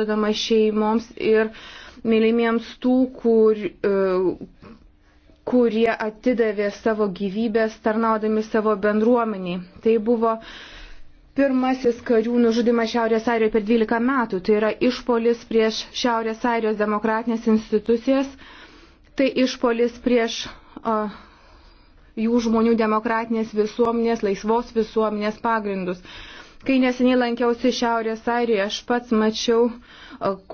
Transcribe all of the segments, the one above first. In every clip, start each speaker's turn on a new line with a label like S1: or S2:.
S1: perdodama šeimoms ir mylimiems tų, kur, e, kurie atidavė savo gyvybės tarnaudami savo bendruomeniai. Tai buvo pirmasis karių nužudimas Šiaurės Airijoje per 12 metų. Tai yra išpolis prieš Šiaurės Airijos demokratinės institucijas. Tai išpolis prieš uh, jų žmonių demokratinės visuomenės, laisvos visuomenės pagrindus. Uh, Kai neseniai lankiausi Šiaurės Airijoje, aš pats mačiau,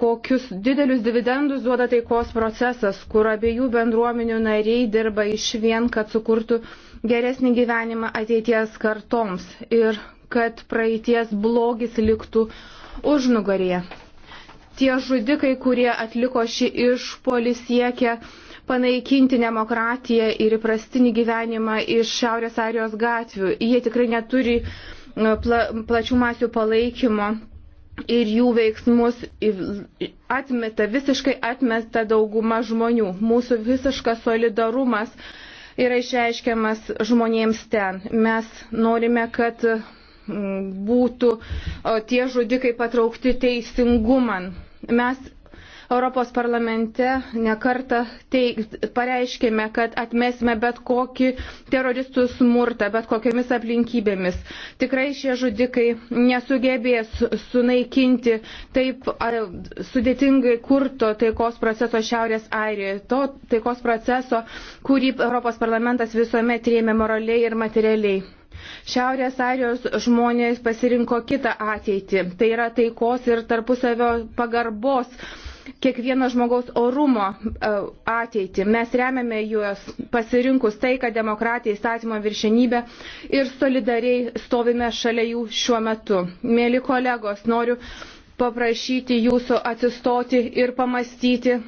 S1: kokius didelius dividendus duoda taikos procesas, kur abiejų bendruomenių nariai dirba iš vien, kad sukurtų geresnį gyvenimą ateities kartoms ir kad praeities blogis liktų užnugarėje. Tie žudikai, kurie atliko šį išpolį, siekia panaikinti demokratiją ir įprastinį gyvenimą iš Šiaurės Airijos gatvių. Jie tikrai neturi uh, E, pla, plačių masių palaikymo ir jų veiksmus atmeta, visiškai atmeta dauguma žmonių. Mūsų visiškas solidarumas yra išreiškiamas žmonėms ten. Mes norime, kad būtų tie žudikai patraukti teisinguman. Mes Europos parlamente nekartą teik, pareiškėme, kad atmesime bet kokį teroristų smurtą, bet kokiamis aplinkybėmis. Tikrai šie žudikai nesugebės sunaikinti taip sudėtingai kurto taikos proceso Šiaurės Airijoje, to taikos proceso, kurį Europos parlamentas visuomet rėmė moraliai ir materialiai. Šiaurės Airijos žmonės pasirinko kitą ateitį, tai yra taikos ir tarpusavio pagarbos kiekvieno žmogaus orumo e, ateitį. Mes remiame juos pasirinkus taiką, demokratiją, įstatymo viršenybę ir solidariai stovime šalia jų šiuo metu. Mėly kolegos, noriu paprašyti jūsų atsistoti ir pamastyti,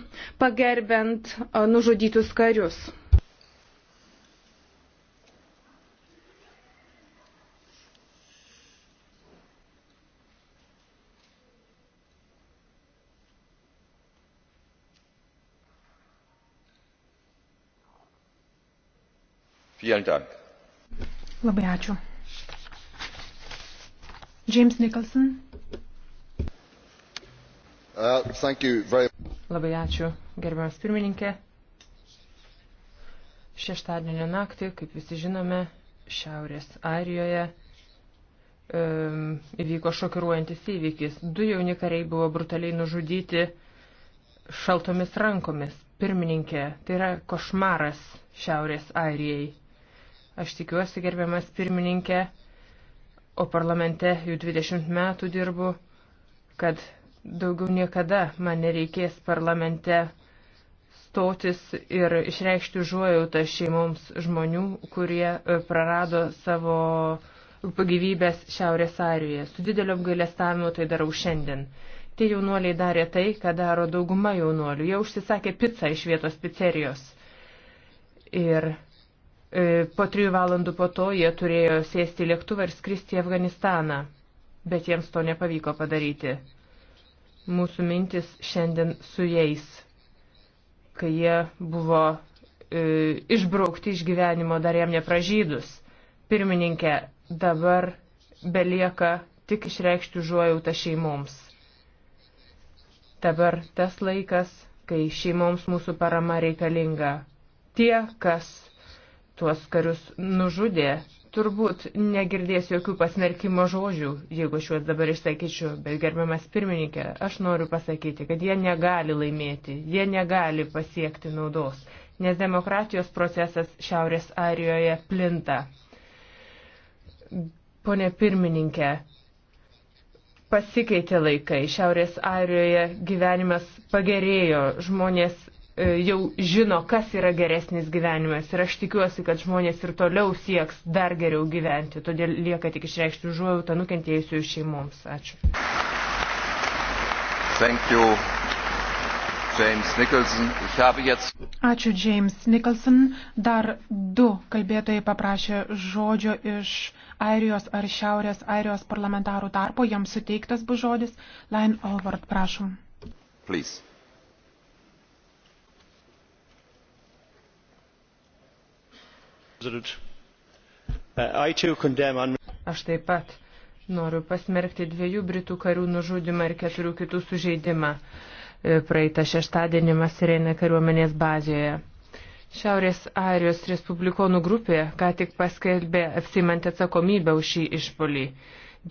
S1: pagerbent e, nužudytus karius.
S2: Vielen Dank.
S3: Labai ačiū. James Nicholson.
S1: Uh, thank you very...
S2: Labai ačiū, gerbiamas pirmininkė. Šeštadienio naktį, kaip visi žinome, Šiaurės Airijoje um, įvyko šokiruojantis įvykis. Du jauni kariai buvo brutaliai nužudyti šaltomis rankomis. Pirmininkė, tai yra košmaras Šiaurės Airijai. Aš tikiuosi, gerbiamas pirmininkė, o parlamente jau 20 metų dirbu, kad daugiau niekada man nereikės parlamente stotis ir išreikšti užuojautą šeimoms žmonių, kurie e, prarado savo gyvybės Šiaurės Arijoje. Su dideliu apgailestavimu tai darau šiandien. Tie jaunuoliai darė tai, ką daro dauguma jaunuolių. Jie užsisakė pizzą iš vietos pizzerijos. Ir E, po trijų valandų po to jie turėjo sėsti į lėktuvą ir skristi į Afganistaną, bet jiems to nepavyko padaryti. Mūsų mintis šiandien su jais, kai jie buvo e, išbraukti iš gyvenimo dar jam nepražydus. Pirmininkė, dabar belieka tik išreikšti užuojautą šeimoms. Dabar tas laikas, kai šeimoms mūsų parama reikalinga. Tie, kas tuos karius nužudė. Turbūt negirdėsiu jokių pasmerkimo žodžių, jeigu aš juos dabar išsakyčiau, bet gerbiamas pirmininkė, aš noriu pasakyti, kad jie negali laimėti, jie negali pasiekti naudos, nes demokratijos procesas Šiaurės Arijoje plinta. Pone pirmininkė, pasikeitė laikai, Šiaurės Arijoje gyvenimas pagerėjo, žmonės E, jau žino, kas yra geresnis gyvenimas ir aš tikiuosi, kad žmonės ir toliau sieks dar geriau gyventi, todėl lieka tik išreikšti užuojautą nukentėjusių šeimoms. Ačiū. Thank you. James Nicholson. Ich habe jetzt...
S3: Ačiū James Nicholson. Dar du kalbėtojai paprašė žodžio iš Airijos ar Šiaurės Airijos parlamentarų tarpo. Jam suteiktas bus žodis. Line Ovard, prašom.
S1: Please.
S2: Uh, Aš taip pat noriu pasmerkti dviejų Britų karių nužudimą ir keturių kitų sužeidimą e, praeitą šeštadienį Masirene kariuomenės bazėje. Šiaurės Airijos Respublikonų grupė ką tik paskelbė apsimant atsakomybę už šį išpolį.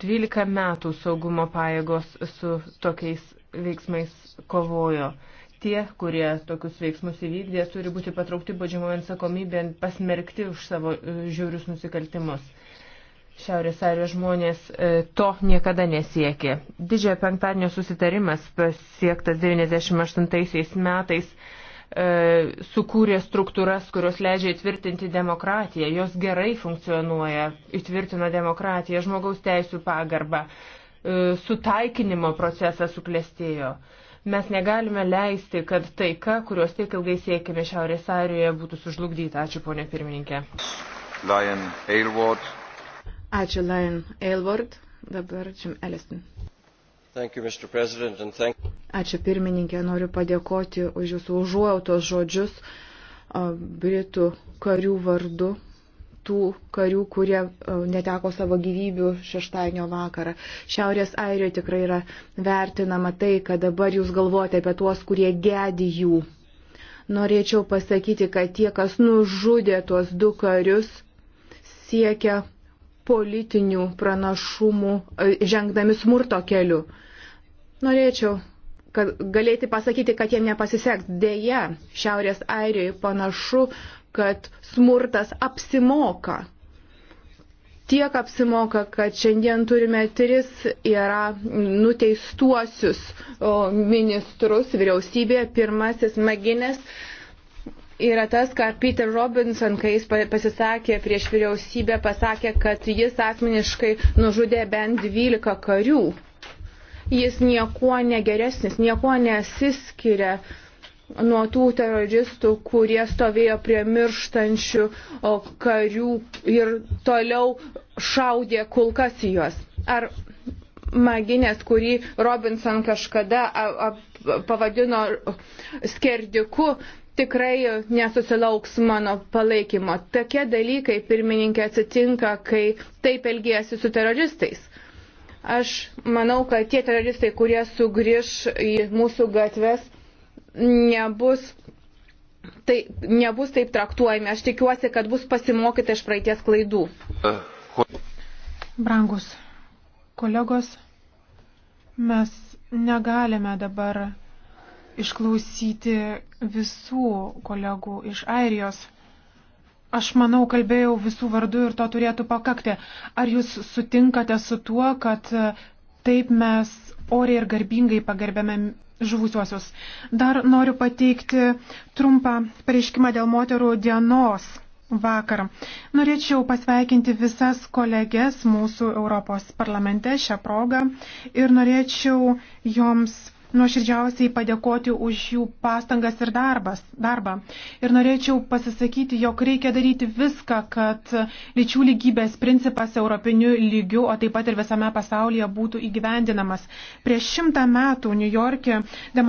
S2: 12 metų saugumo pajėgos su tokiais veiksmais kovojo. Tie, kurie tokius veiksmus įvykdė, turi būti patraukti baudžiamojo atsakomybėn, pasmerkti už savo e, žiaurius nusikaltimus. Šiaurės Airijos žmonės e, to niekada nesiekė. Didžiojo penktadienio susitarimas pasiektas 98 metais e, sukūrė struktūras, kurios leidžia įtvirtinti demokratiją. Jos gerai funkcionuoja, įtvirtino demokratiją, žmogaus teisų pagarbą, sutaikinimo procesas suklestėjo. Mes negalime leisti, kad taika, kurios tiek ilgai siekime Šiaurės Airijoje, būtų sužlugdyta. Ačiū, ponė pirmininkė.
S1: Lion Aylward. Ačiū, Lion Aylward. Dabar Jim Ellison. You, thank... Ačiū pirmininkė, noriu padėkoti už jūsų užuojautos žodžius Britų karių vardu tų karių, kurie e, neteko savo gyvybių šeštadienio vakarą. Šiaurės Airijoje tikrai yra vertinama tai, kad dabar jūs galvojate apie tuos, kurie gedi jų. Norėčiau pasakyti, kad tie, kas nužudė tuos du karius, siekia politinių pranašumų, e, žengdami smurto keliu. Norėčiau kad galėti pasakyti, kad jiem nepasiseks. Deja, Šiaurės Airijoje panašu kad smurtas apsimoka. Tiek apsimoka, kad šiandien turime tris yra nuteistuosius ministrus vyriausybėje. Pirmasis Maginės yra tas, ką Peter Robinson, kai jis pasisakė prieš vyriausybę, pasakė, kad jis asmeniškai nužudė bent 12 karių. Jis niekuo negeresnis, niekuo nesiskiria uh, nuo tų teroristų, kurie stovėjo prie mirštančių karių ir toliau šaudė kulkas į juos. Ar maginės, kurį Robinson kažkada pavadino skerdiku, tikrai nesusilauks mano palaikymo. Tokie dalykai, pirmininkė, atsitinka, kai taip elgėsi su teroristais. Aš manau, kad tie teroristai, kurie sugrįž į mūsų gatves, nebus tai nebus taip traktuojami. Aš tikiuosi, kad bus pasimokyta iš praeities klaidų.
S3: Brangus kolegos, mes negalime dabar išklausyti visų kolegų iš Airijos. Aš manau, kalbėjau visų vardų ir to turėtų pakakti. Ar jūs sutinkate su tuo, kad Taip mes oriai ir garbingai pagerbėme žuvusiuosius. Dar noriu pateikti trumpą pareiškimą dėl moterų dienos vakar. Norėčiau pasveikinti visas kolegės mūsų Europos parlamente šią progą ir norėčiau joms nuoširdžiausiai padėkoti už jų pastangas ir darbas, darbą. Ir norėčiau pasisakyti, jog reikia daryti viską, kad lyčių lygybės principas europiniu lygiu, o taip pat ir visame pasaulyje būtų įgyvendinamas. Prieš šimtą metų Niujorke